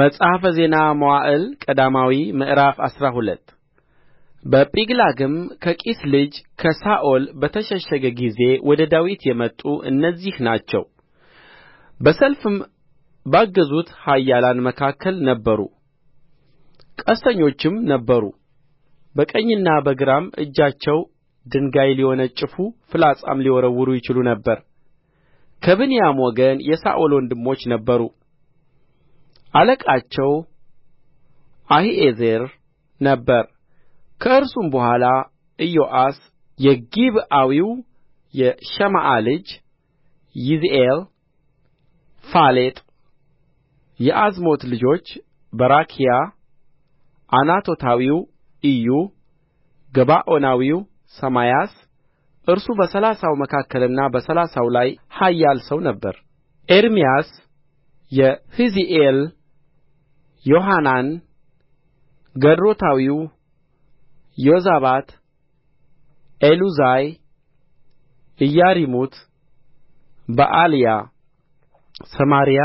መጽሐፈ ዜና መዋዕል ቀዳማዊ ምዕራፍ አስራ ሁለት በጺቅላግም ከቂስ ልጅ ከሳኦል በተሸሸገ ጊዜ ወደ ዳዊት የመጡ እነዚህ ናቸው። በሰልፍም ባገዙት ኃያላን መካከል ነበሩ፣ ቀስተኞችም ነበሩ። በቀኝና በግራም እጃቸው ድንጋይ ሊወነጭፉ ፍላጻም ሊወረውሩ ይችሉ ነበር። ከብንያም ወገን የሳኦል ወንድሞች ነበሩ አለቃቸው አሒዔዝር ነበረ ከእርሱም በኋላ ኢዮአስ የጊብዓዊው የሸማዓ ልጅ ይዝኤል ፋሌጥ የዓዝሞት ልጆች በራኪያ፣ ዓናቶታዊው ኢዩ ገባዖናዊው ሰማያስ እርሱ በሠላሳው መካከልና በሠላሳው ላይ ኃያል ሰው ነበረ ኤርምያስ የሕዚኤል ዮሐናን ገድሮታዊው ዮዛባት ኤሉዛይ ኢያሪሙት በዓልያ ሰማርያ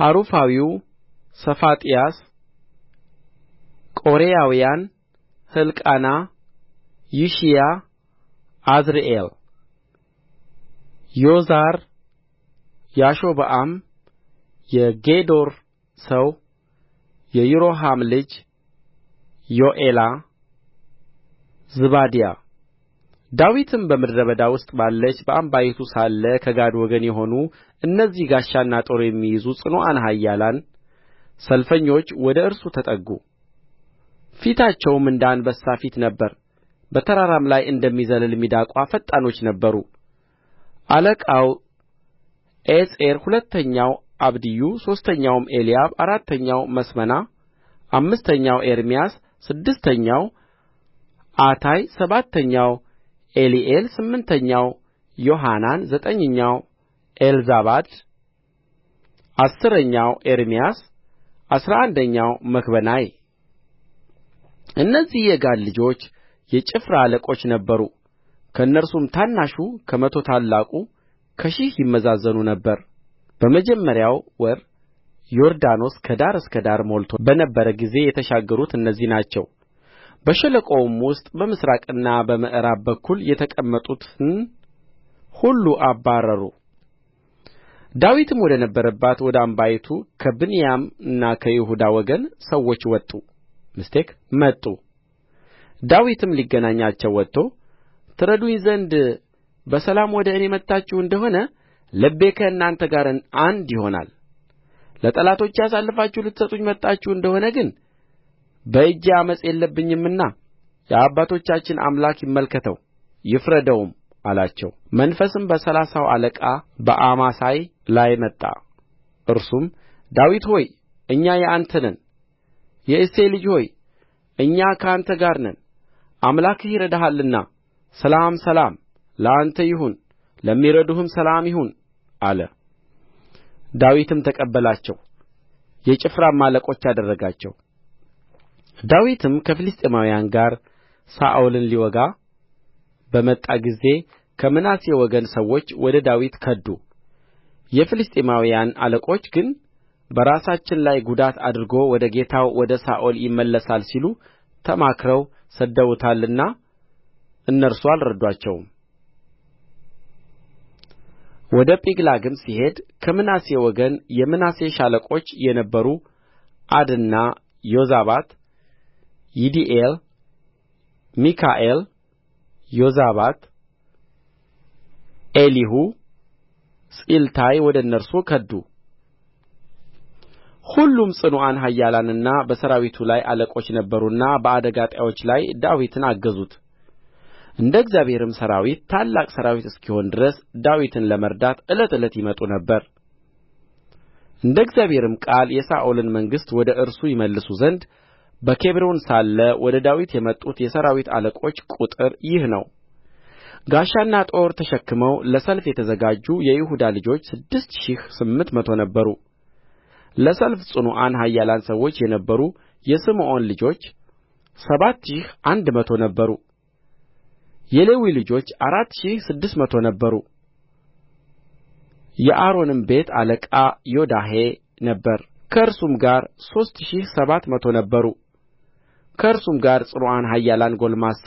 ሐሩፋዊው ሰፋጥያስ ቆሬያውያን ሕልቃና ይሺያ አዝርኤል ዮዛር ያሾብዓም የጌዶር ሰው የይሮሐም ልጅ ዮኤላ ዝባድያ ዳዊትም በምድረ በዳ ውስጥ ባለች በአንባይቱ ሳለ ከጋድ ወገን የሆኑ እነዚህ ጋሻና ጦር የሚይዙ ጽኑዓን ኃያላን ሰልፈኞች ወደ እርሱ ተጠጉ ፊታቸውም እንደ አንበሳ ፊት ነበረ በተራራም ላይ እንደሚዘልል ሚዳቋ ፈጣኖች ነበሩ አለቃው ኤጼር ሁለተኛው አብድዩ ሦስተኛው ኤልያብ አራተኛው መስመና አምስተኛው ኤርምያስ ስድስተኛው አታይ ሰባተኛው ኤሊኤል ስምንተኛው ዮሐናን ዘጠኝኛው ኤልዛባድ አሥረኛው ኤርምያስ አሥራ አንደኛው መክበናይ እነዚህ የጋድ ልጆች የጭፍራ አለቆች ነበሩ ከእነርሱም ታናሹ ከመቶ ታላቁ ከሺህ ይመዛዘኑ ነበር በመጀመሪያው ወር ዮርዳኖስ ከዳር እስከ ዳር ሞልቶ በነበረ ጊዜ የተሻገሩት እነዚህ ናቸው በሸለቆውም ውስጥ በምሥራቅና በምዕራብ በኩል የተቀመጡትን ሁሉ አባረሩ ዳዊትም ወደ ነበረባት ወደ አምባይቱ ከብንያምና ከይሁዳ ወገን ሰዎች ወጡ ምስቴክ መጡ ዳዊትም ሊገናኛቸው ወጥቶ ትረዱኝ ዘንድ በሰላም ወደ እኔ መጥታችሁ እንደሆነ ልቤ ከእናንተ ጋር አንድ ይሆናል ለጠላቶቼ አሳልፋችሁ ልትሰጡኝ መጣችሁ እንደ ሆነ ግን በእጄ ዓመፅ የለብኝምና የአባቶቻችን አምላክ ይመልከተው ይፍረደውም አላቸው መንፈስም በሠላሳው አለቃ በአማሳይ ላይ መጣ እርሱም ዳዊት ሆይ እኛ የአንተ ነን የእሴይ ልጅ ሆይ እኛ ከአንተ ጋር ነን አምላክህ ይረዳሃልና ሰላም ሰላም ለአንተ ይሁን ለሚረዱህም ሰላም ይሁን አለ ዳዊትም ተቀበላቸው የጭፍራም አለቆች አደረጋቸው ዳዊትም ከፍልስጥኤማውያን ጋር ሳኦልን ሊወጋ በመጣ ጊዜ ከምናሴ ወገን ሰዎች ወደ ዳዊት ከዱ የፍልስጥኤማውያን አለቆች ግን በራሳችን ላይ ጉዳት አድርጎ ወደ ጌታው ወደ ሳኦል ይመለሳል ሲሉ ተማክረው ሰድደውታልና እነርሱ አልረዷቸውም ወደ ጺቅላግም ሲሄድ ከምናሴ ወገን የምናሴ ሻለቆች የነበሩ ዓድና ዮዛባት ይዲኤል ሚካኤል ዮዛባት ኤሊሁ ጺልታይ ወደ እነርሱ ከዱ ሁሉም ጽኑዓን ኃያላንና በሠራዊቱ ላይ አለቆች ነበሩና በአደጋ ጣዮች ላይ ዳዊትን አገዙት እንደ እግዚአብሔርም ሠራዊት ታላቅ ሠራዊት እስኪሆን ድረስ ዳዊትን ለመርዳት ዕለት ዕለት ይመጡ ነበር እንደ እግዚአብሔርም ቃል የሳኦልን መንግሥት ወደ እርሱ ይመልሱ ዘንድ በኬብሮን ሳለ ወደ ዳዊት የመጡት የሠራዊት አለቆች ቍጥር ይህ ነው። ጋሻና ጦር ተሸክመው ለሰልፍ የተዘጋጁ የይሁዳ ልጆች ስድስት ሺህ ስምንት መቶ ነበሩ። ለሰልፍ ጽኑዓን ኃያላን ሰዎች የነበሩ የስምዖን ልጆች ሰባት ሺህ አንድ መቶ ነበሩ። የሌዊ ልጆች አራት ሺህ ስድስት መቶ ነበሩ የአሮንም ቤት አለቃ ዮዳሄ ነበረ ከእርሱም ጋር ሦስት ሺህ ሰባት መቶ ነበሩ ከእርሱም ጋር ጽኑዓን ኃያላን ጎልማሳ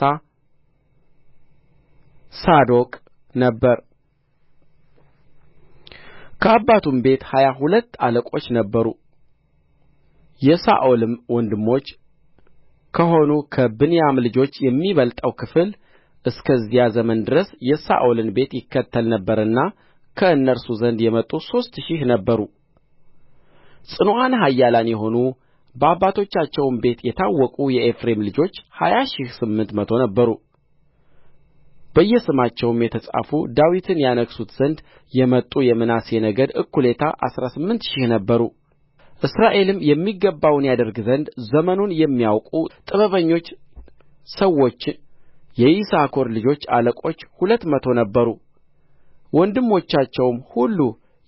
ሳዶቅ ነበረ ከአባቱም ቤት ሀያ ሁለት አለቆች ነበሩ የሳኦልም ወንድሞች ከሆኑ ከብንያም ልጆች የሚበልጠው ክፍል እስከዚያ ዘመን ድረስ የሳኦልን ቤት ይከተል ነበርና ከእነርሱ ዘንድ የመጡ ሦስት ሺህ ነበሩ ጽኑዓን ኃያላን የሆኑ በአባቶቻቸውም ቤት የታወቁ የኤፍሬም ልጆች ሀያ ሺህ ስምንት መቶ ነበሩ በየስማቸውም የተጻፉ ዳዊትን ያነግሡት ዘንድ የመጡ የምናሴ ነገድ እኩሌታ አሥራ ስምንት ሺህ ነበሩ እስራኤልም የሚገባውን ያደርግ ዘንድ ዘመኑን የሚያውቁ ጥበበኞች ሰዎች የይሳኮር ልጆች አለቆች ሁለት መቶ ነበሩ ወንድሞቻቸውም ሁሉ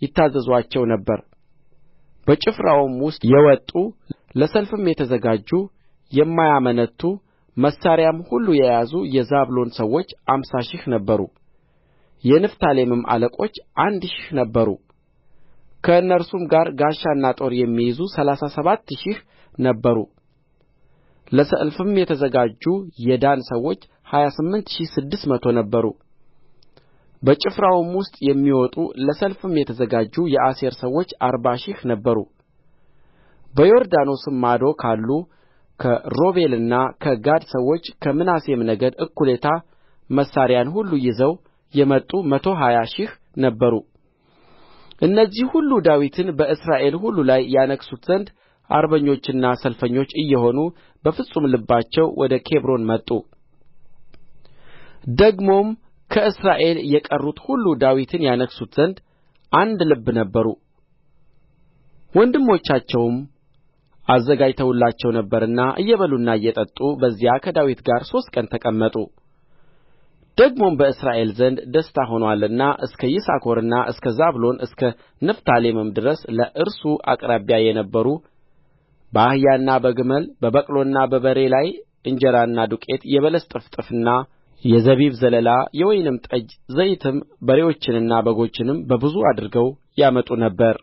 ይታዘዙአቸው ነበር በጭፍራውም ውስጥ የወጡ ለሰልፍም የተዘጋጁ የማያመነቱ መሣሪያም ሁሉ የያዙ የዛብሎን ሰዎች አምሳ ሺህ ነበሩ የንፍታሌምም አለቆች አንድ ሺህ ነበሩ ከእነርሱም ጋር ጋሻና ጦር የሚይዙ ሠላሳ ሰባት ሺህ ነበሩ ለሰልፍም የተዘጋጁ የዳን ሰዎች ሀያ ስምንት ሺህ ስድስት መቶ ነበሩ በጭፍራውም ውስጥ የሚወጡ ለሰልፍም የተዘጋጁ የአሴር ሰዎች አርባ ሺህ ነበሩ በዮርዳኖስም ማዶ ካሉ ከሮቤልና ከጋድ ሰዎች ከምናሴም ነገድ እኩሌታ መሣሪያን ሁሉ ይዘው የመጡ መቶ ሀያ ሺህ ነበሩ እነዚህ ሁሉ ዳዊትን በእስራኤል ሁሉ ላይ ያነግሡት ዘንድ አርበኞችና ሰልፈኞች እየሆኑ በፍጹም ልባቸው ወደ ኬብሮን መጡ ደግሞም ከእስራኤል የቀሩት ሁሉ ዳዊትን ያነግሡት ዘንድ አንድ ልብ ነበሩ ወንድሞቻቸውም አዘጋጅተውላቸው ነበርና እየበሉና እየጠጡ በዚያ ከዳዊት ጋር ሦስት ቀን ተቀመጡ ደግሞም በእስራኤል ዘንድ ደስታ ሆኖአልና እስከ ይሳኮርና እስከ ዛብሎን እስከ ንፍታሌምም ድረስ ለእርሱ አቅራቢያ የነበሩ በአህያና በግመል በበቅሎና በበሬ ላይ እንጀራና ዱቄት የበለስ ጥፍጥፍና የዘቢብ ዘለላ የወይንም ጠጅ ዘይትም በሬዎችንና በጎችንም በብዙ አድርገው ያመጡ ነበር